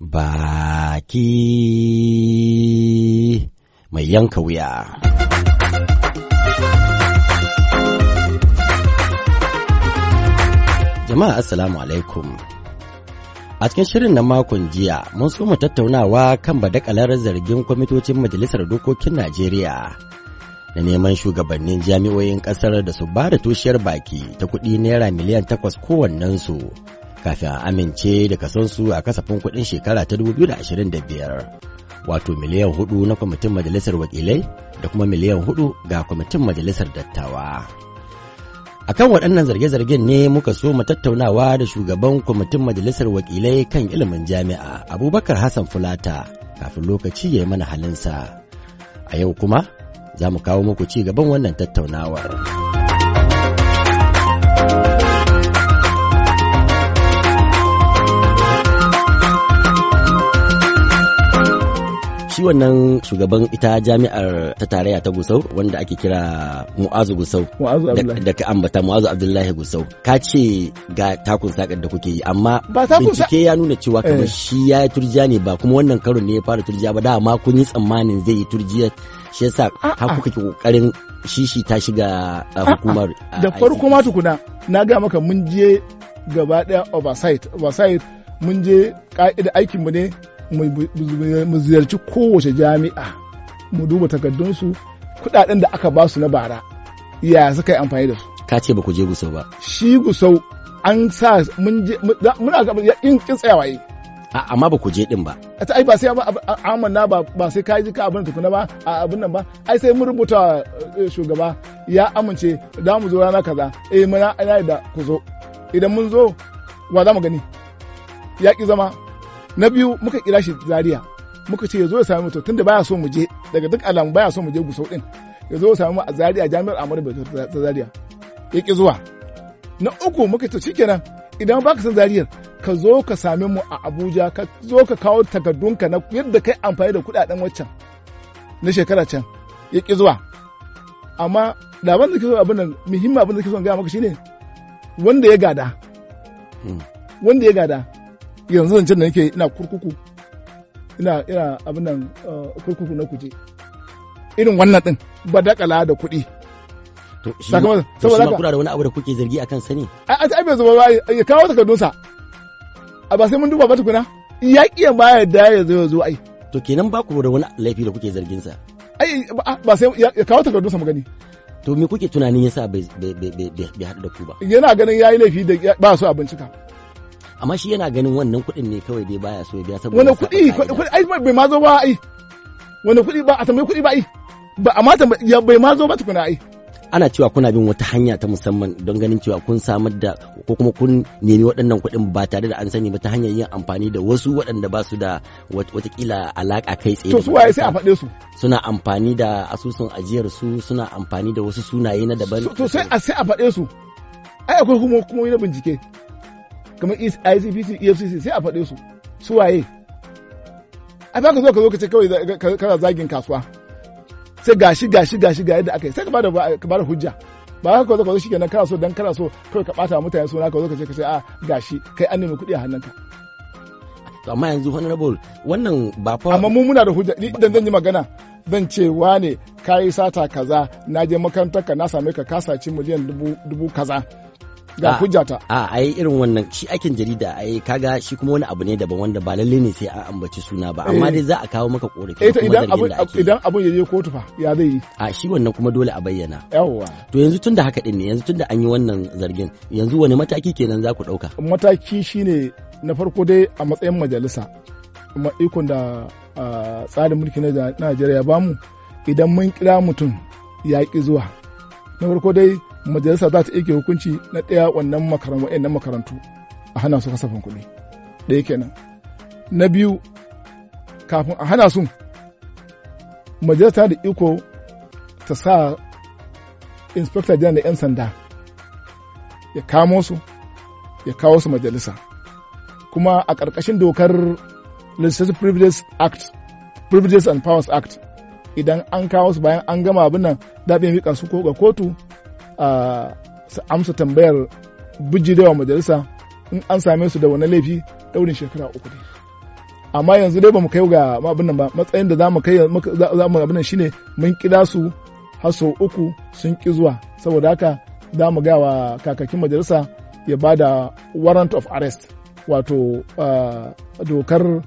baki mai yanka wuya. Jama'a Assalamu alaikum. A cikin shirin na makon jiya mun so mu tattaunawa kan badakalar zargin kwamitocin Majalisar Dokokin Najeriya na neman shugabannin jami'oyin ƙasar da su ba da tushiyar baki ta kuɗi naira miliyan takwas kowannensu. su. kafin a amince da kasonsu a kasafin kudin shekara ta 2025 wato miliyan hudu na kwamitin majalisar wakilai da kuma miliyan hudu ga kwamitin majalisar dattawa. A kan waɗannan zarge-zargen ne muka so mu tattaunawa da shugaban kwamitin majalisar wakilai kan ilimin jami'a Abubakar Hassan Fulata kafin lokaci ya yi mana halinsa. A yau kuma za mu kawo muku ci gaban wannan tattaunawar. wannan shugaban ita jami'ar ta tarayya ta Gusau wanda ake kira Mu'azu Gusau. Da ka ambata Mu'azu Abdullahi Gusau. Ka ce ga takun sakar da kuke yi amma bincike ya nuna cewa kamar eh. shi ya yi turjiya ne ba kuma wannan karon ne ya fara turjiya ba dama kun yi tsammanin zai yi turjiya shi yasa har kuka ke kokarin shishi ta shiga hukumar. Da farko ma tukuna na ga maka mun je gaba daya oversight oversight mun je ka'ida aikinmu ne mu ziyarci kowace jami'a mu duba takardunsu kudaden da aka basu na bara ya suka yi amfani da su ka ce ba ku je gusau ba shi gusau an sa mun je muna ga in kin tsayawa yi amma ba ku je din ba ta ai ba sai amanna ba ba sai kai ka abin tukuna ba a abin nan ba ai sai mun rubuta eh, shugaba ya amince da mu zo rana kaza eh muna ina da ku zo idan mun zo wa za mu gani ya ki zama na biyu muka kira shi Zaria muka ce ya zo ya sami mutum tunda baya so mu je daga duk alamu baya so mu je gusau din ya zo ya sami a Zaria jami'ar Ahmadu bai ta Zaria ya ki zuwa na uku muka ce shikenan idan baka san Zariyar ka zo ka same mu a Abuja ka zo ka kawo takardunka na yadda kai amfani da kudaden waccan na shekara can ya ki zuwa amma ban da ke so abin nan muhimmin abin da ke son gaya maka shine wanda ya gada hmm. wanda ya gada yanzu zancen da nake ina kurkuku ina ina abin nan uh, kurkuku na kuje irin wannan din ba dakala da kuɗi to shi saboda kura da wani abu da kuke zargi akan sani a ta bai zuba ya kawo sa a ba sai mun duba ba tukuna ya ba ya da ya zo zo ai to kenan ba ku da wani laifi da kuke zargin sa ai ba sai ya kawo takardunsa mu gani to me kuke tunanin yasa bai haɗu da ku ba yana ganin yayi laifi da ba su a bincika amma shi yana ganin wannan kuɗin ne kawai dai baya so ya biya saboda wani kuɗi kuɗi ai bai ma zo ba ai wani kuɗi ba a tambayi kuɗi ba ai ba amma ya bai ma zo ba tukuna ai ana cewa kuna bin wata hanya ta musamman don ganin cewa kun samar da ko kuma kun nemi waɗannan kuɗin ba tare da an sani ba ta hanyar yin amfani da wasu waɗanda ba su da watakila alaƙa kai tsaye. To su waye sai a faɗe su. Suna amfani da asusun ajiyar su suna amfani da wasu sunaye na daban. To sai a sai a faɗe su. Ai akwai kuma hukumomi na bincike. kamar ICPC EFCC sai a faɗe su su waye a fi ka zo ka zo ka ce kawai kana zagin kasuwa sai gashi gashi gashi ga yadda aka yi sai ka bada hujja ba ka zo ka zo shikenan kana so dan kana so kawai ka bata mutane suna ka zo ka ce ka ce a gashi kai an nemi kuɗi a hannunka amma yanzu honorable wannan ba fa amma mu muna da hujja ni idan zan yi magana zan ce wane kayi sata kaza na je makarantar ka na same ka ka saci miliyan dubu kaza ga ah, hujjata a ah, ai irin wannan shi aikin jarida ai kaga shi kuma wani abu ne daban wanda ba lalle ne sai an ambaci suna ba amma dai eh. za a kawo maka korafi eh idan abun idan abun ya je kotu fa ya zai yi a ah, shi wannan kuma dole a bayyana yawa to yanzu tunda haka din ne yanzu tunda an yi wannan zargin yanzu wani mataki kenan za ku dauka mataki shine na farko dai a matsayin majalisa kuma ikon da tsarin mulki na Najeriya bamu idan mun kira mutum ya ki zuwa na farko dai majalisa za ta iya hukunci na ɗaya wannan makarantu wa'annan makarantu a hana su kasafin kuɗi ɗaya kenan na biyu kafin a hana su majalisa da iko ta sa inspector general da 'yan sanda ya kamo su ya kawo su majalisa kuma a ƙarƙashin dokar legislative privileges act privileges and powers act idan an kawo su bayan an gama abin nan daɓe mika su ko ga kotu a amsa tambayar bijirewa majalisa in an same su da wani laifi daurin shekara uku ne amma yanzu dai ba mu kai ga abin nan ba matsayin da za mu kai za mu abin nan shine mun kira su har sau uku sun ki zuwa saboda haka za mu gaya wa kakakin majalisa ya ba da warrant of arrest wato dokar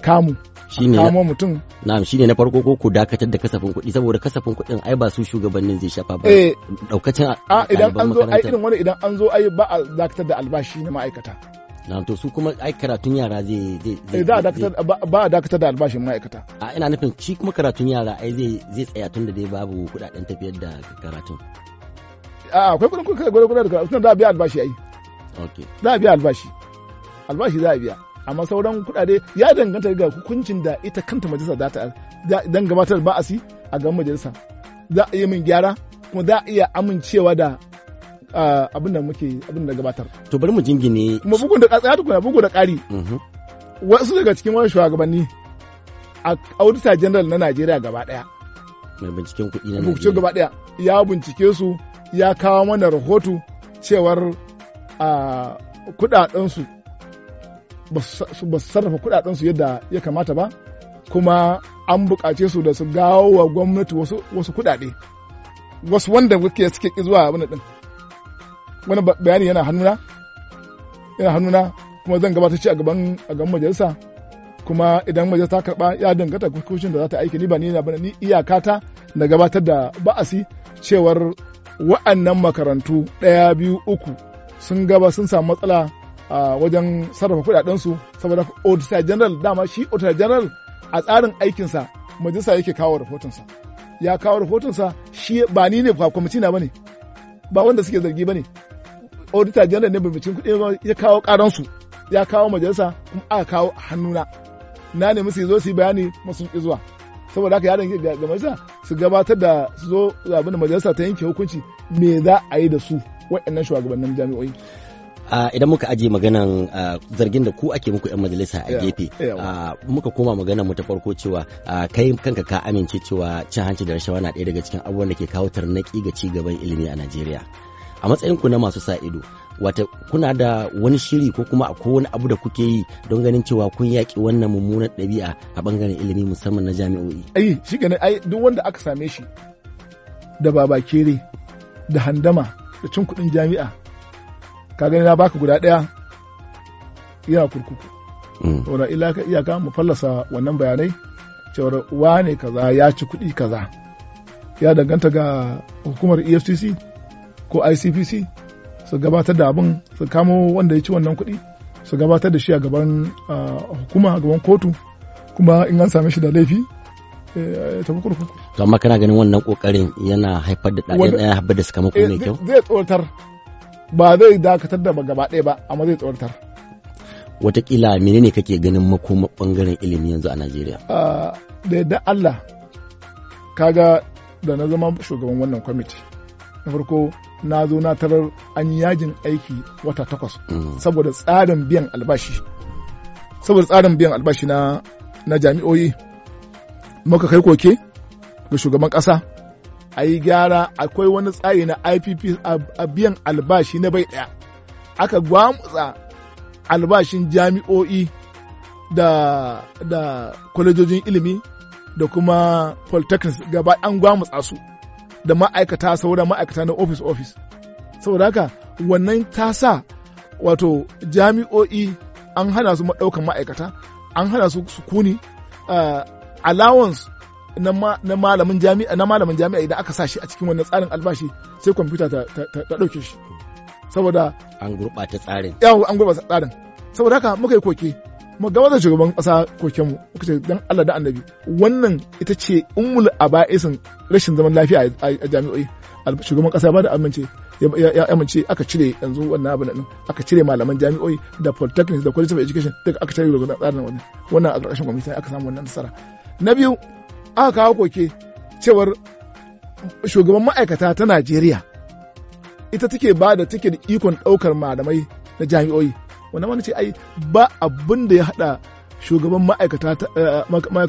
kamu shine kamo mutum na'am shine na farko ko ku dakatar da kasafin kuɗi saboda kasafin kuɗin ai ba su shugabannin zai shafa ba daukacin a idan an zo ai irin wani idan an zo ai ba a dakatar da albashi na ma'aikata na to su kuma ai karatun yara zai zai da dakatar ba a dakatar da albashin ma'aikata a ina nufin shi kuma karatun yara ai zai zai tsaya tun da dai babu kuɗaɗen tafiyar da karatun a akwai kuɗin kuɗin da karatun da biya albashi ai okay da biya albashi albashi za a biya amma sauran kuɗaɗe ya danganta ga hukuncin da ita kanta majalisa za ta dan gabatar ba'asi a gaban majalisa za a iya min gyara kuma za a iya amincewa da abin da muke abin da gabatar to bari mu jingine kuma bugun da tsaya tukuna bugu da ƙari mhm. wasu daga cikin wani shugabanni a audita general na Najeriya gaba ɗaya mai binciken kuɗi na Najeriya gaba ɗaya ya bincike su ya kawo mana rahoto cewar kuɗaɗensu ba su sarrafa kuɗaɗensu yadda ya kamata ba kuma an buƙace su da su gawo wa gwamnati wasu kuɗaɗe wasu wanda kuke suke zuwa wani din wani bayani yana hannuna yana hannuna kuma zan gabatar shi a gaban a gaban majalisa kuma idan majalisa ta karɓa ya dangata kuskucin da za ta aiki ni ba ni na bane ni iyaka ta na gabatar da ba'asi cewar wa'annan makarantu ɗaya biyu uku sun gaba sun samu matsala wajen sarrafa kuɗaɗensu saboda auditor general dama shi auditor general a tsarin aikinsa majalisa yake kawo rahotonsa ya kawo rahotonsa shi ba ni ne ba kwamiti na bane ba wanda suke zargi bane auditor general ne bincin kuɗi ya kawo karansu ya kawo majalisa kuma aka kawo hannuna na nemi musu zo su yi bayani masu ki zuwa saboda haka yaron da majalisa su gabatar da su zo zaɓin majalisa ta yanke hukunci me za a yi da su waɗannan shugabannin jami'o'i idan muka ajiye maganan zargin da ku ake muku 'yan majalisa a gefe muka koma maganan mu ta farko cewa kai kanka ka amince cewa cin hanci da rashawa na ɗaya daga cikin abubuwan da ke kawo tarnaƙi ga ci gaban ilimi a Najeriya a matsayin ku na masu sa ido wata kuna da wani shiri ko kuma akwai wani abu da kuke yi don ganin cewa kun yaƙi wannan mummunan ɗabi'a a bangaren ilimi musamman na jami'o'i. Ai shi ganin ai duk wanda aka same shi da babakere da handama da cin kuɗin jami'a ka gani na baka guda ɗaya iya kurkuku mm. saboda illa ka iyaka mu fallasa wannan bayanai cewar wane kaza ya ci kuɗi kaza ya danganta ga hukumar efcc ko icpc su gabatar da abin su kamo wanda ya ci wannan kuɗi su gabatar da shi a gaban hukuma a gaban kotu kuma in an same shi da laifi eh, tafi kurkuku. to amma kana ganin wannan kokarin yana haifar da ɗaya haifar da sakamako eh, mai kyau zai tsoratar ba zai dakatar da gaba ɗaya ba amma zai tsoratar watakila menene kake ganin makoma ɓangaren ilimi yanzu a najeriya ah, da yadda allah kaga da na zama shugaban wannan kwamiti na farko na zo na tarar an yajin aiki wata takwas mm. saboda tsarin biyan albashi saboda tsarin biyan albashi na jami'oyi muka kai koke ga shugaban ƙasa a yi gyara akwai wani tsari na ipp a biyan albashi na bai ɗaya aka gwamutsa albashin jami'o'i da, da kwalejojin ilimi da kuma polytechnics gaba an gwamutsa su da ma'aikata sauran ma'aikata na office office saboda haka wannan ta sa wato jami'o'i an hana su maɗaukan ma'aikata an hana su sukuni uh, eh, allowance na malamin jami'a na malamin jami'a idan aka sa shi a cikin wannan tsarin albashi sai kwamfuta ta ɗauke shi saboda an gurɓata tsarin yawo an gurɓata tsarin saboda haka muka yi koke mu gaba da shugaban ƙasa koken mu muka ce dan Allah da annabi wannan ita ce ummul aba'isin rashin zaman lafiya a jami'o'i shugaban ƙasa ba da amince ya amince aka cire yanzu wannan abin nan aka cire malaman jami'oi da polytechnics da college of education duk aka cire daga tsarin wannan wannan a ƙarƙashin kwamiti aka samu wannan nasara na biyu aka kawo koke cewar shugaban ma'aikata ta Najeriya ita take ba da take da ikon ɗaukar malamai na jami'oi wannan wani ce ai ba abin da ya haɗa shugaban ma'aikata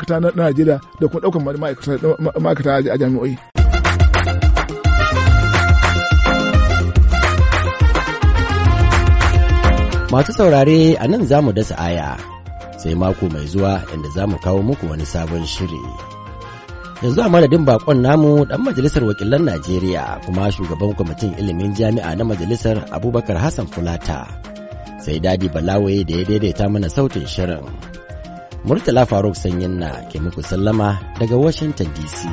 eh, na Najeriya da kuma ɗaukar ma'aikata a jami'oi. Masu saurare a nan za mu dasa aya sai mako mai zuwa inda za mu kawo muku wani sabon shiri. yanzu a madadin bakon namu dan majalisar wakilan najeriya kuma shugaban kwamitin ilimin jami'a na majalisar abubakar hassan fulata sai dadi balawaye da ya daidaita mana sautin shirin murtala faruk sanyin na ke muku sallama daga washington dc